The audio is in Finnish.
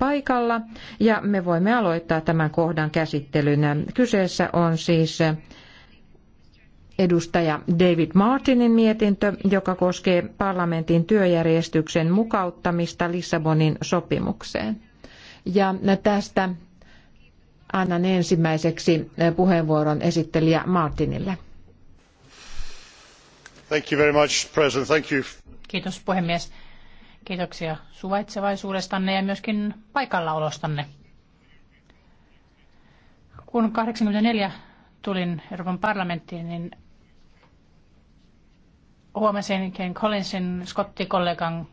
paikalla ja me voimme aloittaa tämän kohdan käsittelyn. Kyseessä on siis edustaja David Martinin mietintö, joka koskee parlamentin työjärjestyksen mukauttamista Lissabonin sopimukseen. Ja tästä annan ensimmäiseksi puheenvuoron esittelijä Martinille. Thank you very much, President. Thank you. Kiitos puhemies. Kiitoksia suvaitsevaisuudestanne ja myöskin paikallaolostanne. Kun 84 tulin Euroopan parlamenttiin, niin huomasin Ken Collinsin skottikollegan